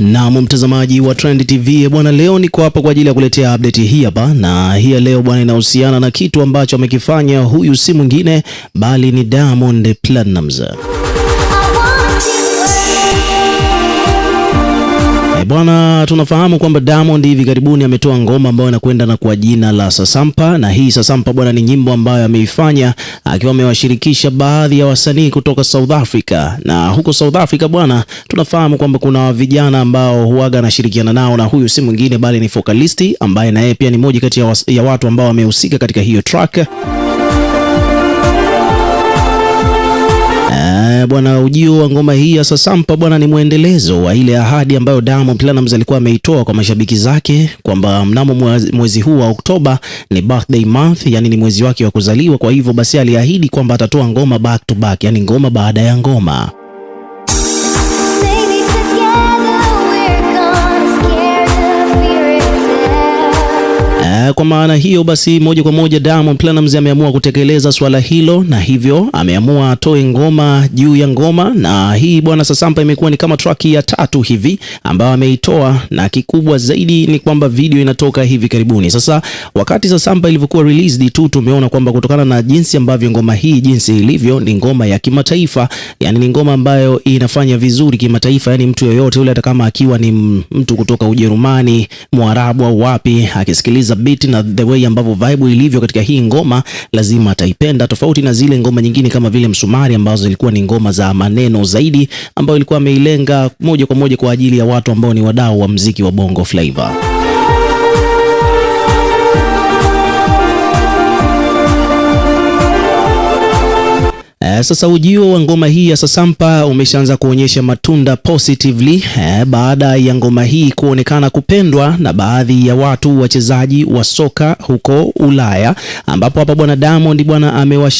Naam, mtazamaji wa Trend TV bwana, leo niko hapa kwa ajili ya kuletea update hii hapa, na hii leo bwana inahusiana na kitu ambacho amekifanya huyu si mwingine bali ni Diamond Platnumz. Eh, bwana tunafahamu kwamba Diamond hivi karibuni ametoa ngoma ambayo inakwenda na kwa jina la Sasampa, na hii Sasampa bwana, ni nyimbo ambayo ameifanya akiwa amewashirikisha baadhi ya wasanii kutoka South Africa. Na huko South Africa bwana, tunafahamu kwamba kuna vijana ambao huaga anashirikiana nao, na huyu si mwingine bali ni Focalisty ambaye na yeye pia ni moja kati ya, ya watu ambao wamehusika katika hiyo track. Eh, bwana, ujio wa ngoma hii ya Sasampa bwana ni mwendelezo wa ile ahadi ambayo Diamond Platnumz alikuwa ameitoa kwa mashabiki zake kwamba mnamo mwezi huu wa Oktoba ni birthday month, yani ni mwezi wake wa kuzaliwa. Kwa hivyo basi aliahidi kwamba atatoa ngoma back to back, yani ngoma baada ya ngoma. kwa maana hiyo basi, moja kwa moja Diamond Platnumz ameamua kutekeleza swala hilo, na hivyo ameamua atoe ngoma juu ya ngoma, na hii bwana Sasampa imekuwa ni kama track ya tatu hivi ambayo ameitoa, na kikubwa zaidi ni kwamba video inatoka hivi karibuni. Sasa wakati Sasampa ilivyokuwa released tu, tumeona kwamba kutokana na jinsi ambavyo ngoma hii jinsi ilivyo, ni ngoma ya kimataifa, yani ni ngoma ambayo inafanya vizuri kimataifa, yani mtu yoyote yule, hata kama akiwa ni mtu kutoka Ujerumani, Mwarabu au wapi, akisikiliza beat tofauti na the way ambavyo vibe ilivyo katika hii ngoma, lazima ataipenda, tofauti na zile ngoma nyingine kama vile Msumari ambazo zilikuwa ni ngoma za maneno zaidi, ambayo ilikuwa ameilenga moja kwa moja kwa ajili ya watu ambao ni wadau wa mziki wa Bongo Flava. Eh, sasa ujio wa ngoma hii ya Sasampa umeshaanza kuonyesha matunda positively eh, baada ya ngoma hii kuonekana kupendwa na baadhi ya watu wachezaji wa soka huko Ulaya, ambapo hapa bwana Diamond bwana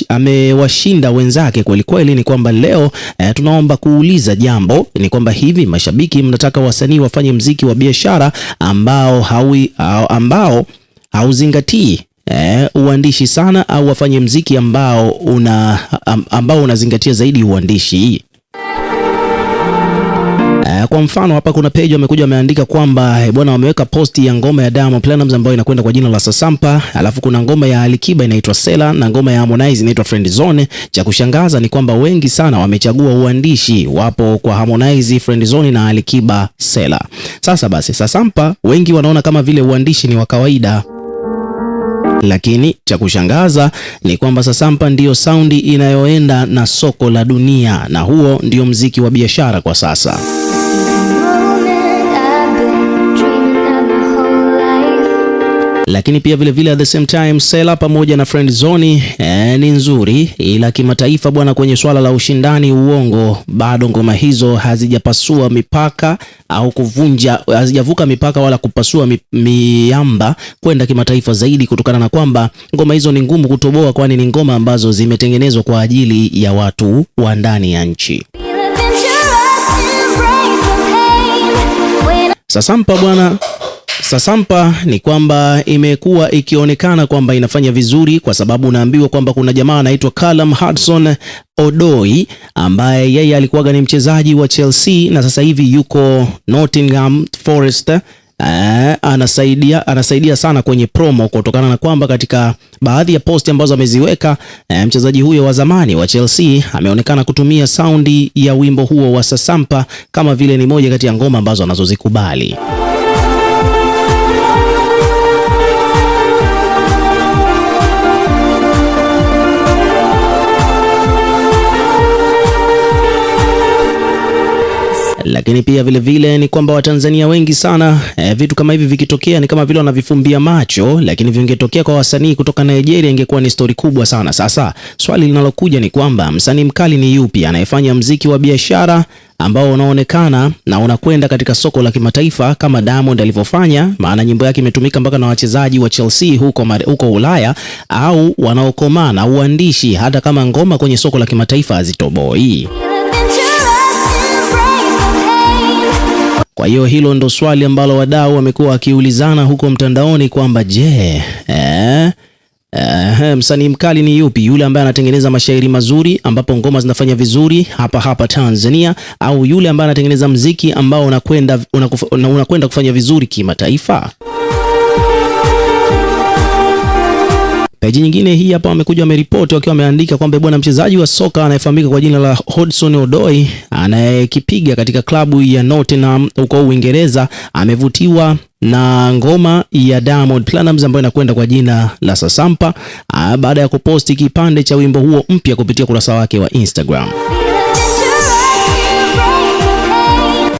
amewashinda wenzake kweli kweli. Ni kwamba leo e, tunaomba kuuliza jambo, ni kwamba hivi mashabiki mnataka wasanii wafanye mziki wa biashara ambao hawi, ambao hauzingatii eh, uandishi sana au wafanye mziki ambao una ambao unazingatia zaidi uandishi eh, kwa mfano hapa kuna page wamekuja wameandika kwamba eh, bwana, wameweka posti ya ngoma ya Diamond Platnumz ambayo inakwenda kwa jina la Sasampa, alafu kuna ngoma ya Alikiba inaitwa Sela na ngoma ya Harmonize inaitwa Friend Zone. Cha kushangaza ni kwamba wengi sana wamechagua uandishi, wapo kwa Harmonize, Friend Zone na Alikiba Sela. Sasa basi, Sasampa wengi wanaona kama vile uandishi ni wa kawaida. Lakini cha kushangaza ni kwamba Sasampa ndiyo saundi inayoenda na soko la dunia, na huo ndio mziki wa biashara kwa sasa. lakini pia vile vile at the same time Sela pamoja na Friend Zone eh, ni nzuri, ila kimataifa bwana, kwenye swala la ushindani uongo, bado ngoma hizo hazijapasua mipaka au kuvunja, hazijavuka mipaka wala kupasua mi, miamba kwenda kimataifa zaidi, kutokana na kwamba ngoma hizo ni ngumu kutoboa, kwani ni ngoma ambazo zimetengenezwa kwa ajili ya watu wa ndani ya nchi. Sasampa bwana Sasampa ni kwamba imekuwa ikionekana kwamba inafanya vizuri, kwa sababu unaambiwa kwamba kuna jamaa anaitwa Callum Hudson Odoi ambaye yeye alikuwaga ni mchezaji wa Chelsea na sasa hivi yuko Nottingham Forest. Ee, anasaidia, anasaidia sana kwenye promo kutokana na kwamba katika baadhi ya posti ambazo ameziweka e, mchezaji huyo wa zamani wa Chelsea ameonekana kutumia saundi ya wimbo huo wa Sasampa kama vile ni moja kati ya ngoma ambazo anazozikubali. Lakini pia vile vile, ni kwamba Watanzania wengi sana e, vitu kama hivi vikitokea ni kama vile wanavifumbia macho, lakini vingetokea kwa wasanii kutoka Nigeria ingekuwa ni stori kubwa sana. Sasa swali linalokuja ni kwamba msanii mkali ni yupi anayefanya mziki wa biashara ambao unaonekana na unakwenda katika soko la kimataifa kama Diamond alivyofanya, maana nyimbo yake imetumika mpaka na wachezaji wa Chelsea huko, huko Ulaya au wanaokomana uandishi, hata kama ngoma kwenye soko la kimataifa hazitoboi. Kwa hiyo hilo ndo swali ambalo wadau wamekuwa wakiulizana huko mtandaoni kwamba je, eh, eh, eh, msanii mkali ni yupi? Yule ambaye anatengeneza mashairi mazuri ambapo ngoma zinafanya vizuri hapa hapa Tanzania, au yule ambaye anatengeneza mziki ambao unakwenda unakwenda kufanya vizuri kimataifa? Peji nyingine hii hapa wamekuja wameripoti wakiwa wameandika kwamba bwana, mchezaji wa soka anayefahamika kwa jina la hodson Odoi anayekipiga katika klabu ya Nottingham huko Uingereza amevutiwa na ngoma ya Diamond Platnumz ambayo inakwenda kwa jina la Sasampa ah, baada ya kuposti kipande cha wimbo huo mpya kupitia kurasa wake wa Instagram.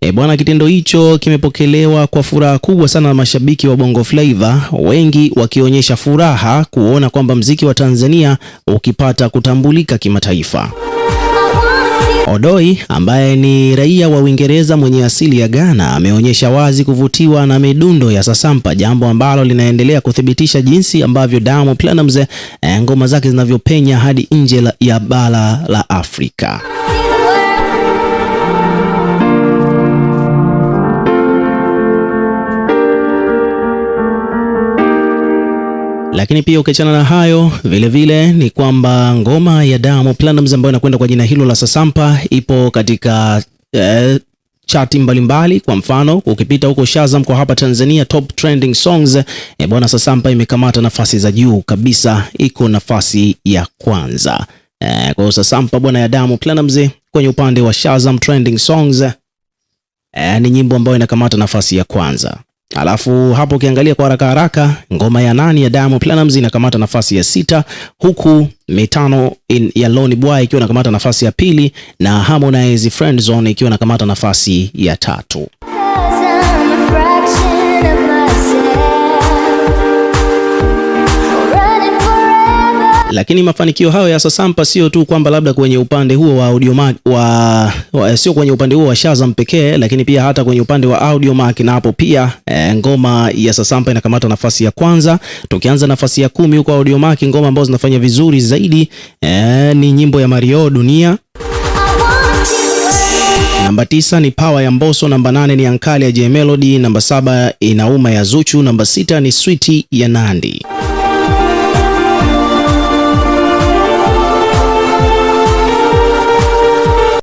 E bwana, kitendo hicho kimepokelewa kwa furaha kubwa sana na mashabiki wa Bongo Flava, wengi wakionyesha furaha kuona kwamba mziki wa Tanzania ukipata kutambulika kimataifa. Odoi ambaye ni raia wa Uingereza mwenye asili ya Ghana ameonyesha wazi kuvutiwa na midundo ya Sasampa, jambo ambalo linaendelea kuthibitisha jinsi ambavyo Diamond Platnumz eh, ngoma zake zinavyopenya hadi nje ya bara la Afrika. Lakini pia ukiachana na hayo vilevile vile, ni kwamba ngoma ya Diamond Platnumz ambayo inakwenda kwa jina hilo la Sasampa ipo katika eh, chati mbalimbali mbali. Kwa mfano ukipita huko Shazam kwa hapa Tanzania, top trending songs eh, bwana Sasampa imekamata nafasi za juu kabisa, iko nafasi ya kwanza eh, kwa hiyo Sasampa bwana ya Diamond Platnumz kwenye upande wa Shazam trending songs eh, ni nyimbo ambayo inakamata nafasi ya kwanza. Alafu hapo ukiangalia kwa haraka haraka, ngoma ya nani ya Diamond Platnumz inakamata nafasi ya sita, huku mitano in, ya Loni boy ikiwa inakamata nafasi ya pili na Harmonize Friend Zone ikiwa inakamata nafasi ya tatu. Lakini mafanikio hayo ya Sasampa sio tu kwamba labda kwenye upande huo wa audio mark, wa, wa sio kwenye upande huo wa Shazam pekee, lakini pia hata kwenye upande wa audio mark, na hapo pia eh, ngoma ya Sasampa inakamata nafasi ya kwanza, tukianza nafasi ya kumi huko audio mark, Ngoma ambazo zinafanya vizuri zaidi eh, ni nyimbo ya Mario Dunia Namba tisa ni Power ya Mboso. namba nane ni Ankali ya J Melody, namba saba Inauma ya Zuchu, namba sita ni Switi ya Nandi.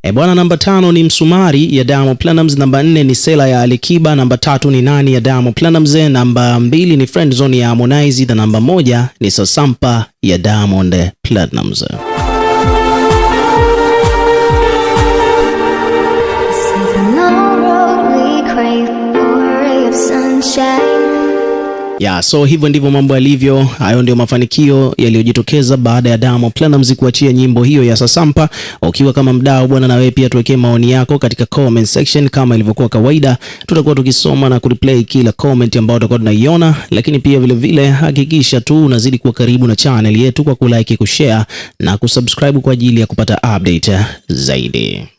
E bwana, namba tano ni msumari ya Diamond planums namba nne ni sela ya Alikiba, namba tatu ni nani ya Diamond Platnumz, namba mbili ni friend zone ya Harmonize, na namba moja ni sasampa ya Diamond Platnumz. Sunshine ya so hivyo ndivyo mambo yalivyo. Hayo ndio mafanikio yaliyojitokeza baada ya Diamond Platnumz kuachia nyimbo hiyo ya Sasampa. Ukiwa kama mdau bwana, na wewe pia tuwekee maoni yako katika comment section. Kama ilivyokuwa kawaida, tutakuwa tukisoma na kureplay kila comment ambayo utakuwa tunaiona, lakini pia vile vile hakikisha tu unazidi kuwa karibu na channel yetu kwa kulike, kushare na kusubscribe kwa ajili ya kupata update zaidi.